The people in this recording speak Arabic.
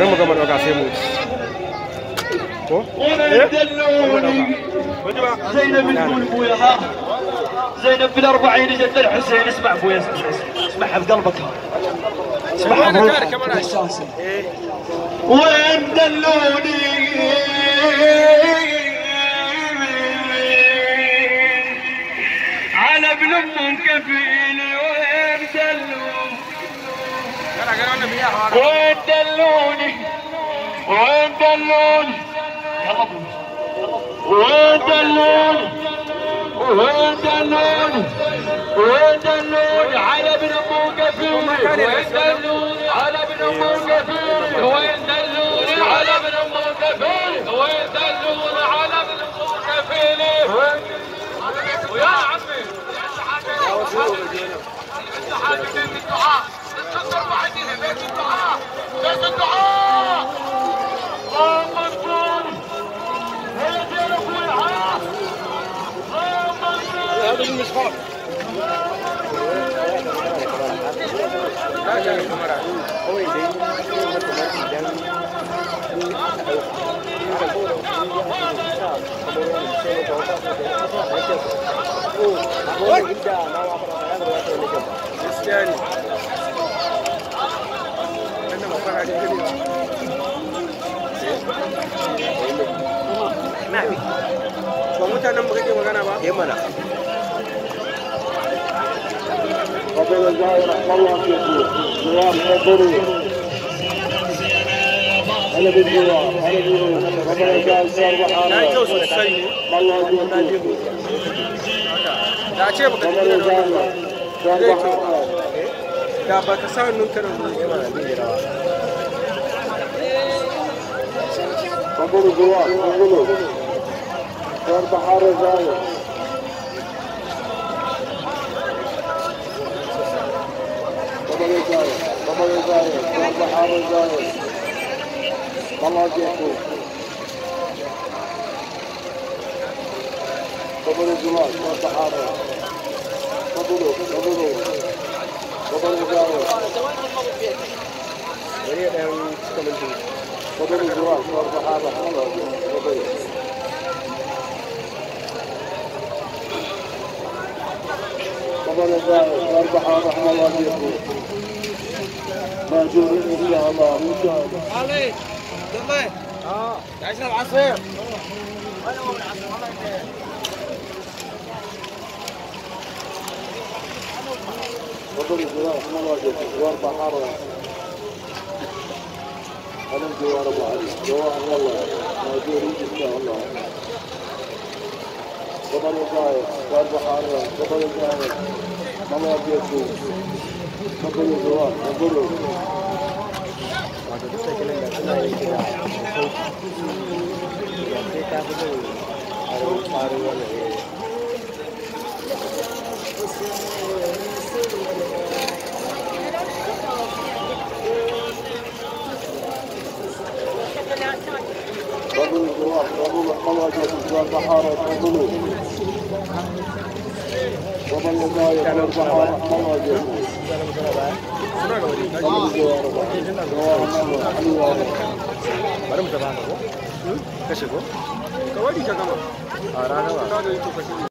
bari mu gama dauka زينب الكل بويا زينب بالاربعين جت الحسين اسمع بويا اسمعها بقلبك اسمعها بقلبك وين دلوني على ابن كفيلي وين دلوني ويدلون ويدلون ويدلون ويدلون على ابن الموقفين ويدلون على ابن الموقفين ويدلون على ابن الموقفين ويدلون على ابن الموقفين ويا عمي يا حاجه يا حاجه يا تتذكر واحد حبيبي بيت الدعاء بيت الدعاء Schop. Ba mutanen mu kake magana ba? Eh mana. فضيل الزاهي رحمه الله في زوار البري هلا بالزوار هلا بالزوار فضيل الزاهي صار بحاره الله يجوز فضيل الزاهي صار بحاره da ba ka sa hannun karin ruwa ba ne rawa. Kamar ruwa, kamar ruwa, kamar bahar zaya. الله يبارك والبحر يبارك الله يجيكم قبل الجمال والبحر قبلوا قبلوا قبل يبارك قبل الجمال والبحر الله يبارك قبل ذلك واربح ورحم الله فيكم ما يا الله وشاء علي دبي ما عشنا العصير انا هو العصير والله وضل الزراعة ما واجد جوار بحارة أنا جوار أبو علي جوار والله موجود إن شاء الله قبل الزايد جوار بحارة قبل الزايد ما واجد قبول الروح قبول الحواجز والبحارة قبول قبل الغاية والبحارة حواجز Kasih mu tafi ko hmm? kashe ko ka a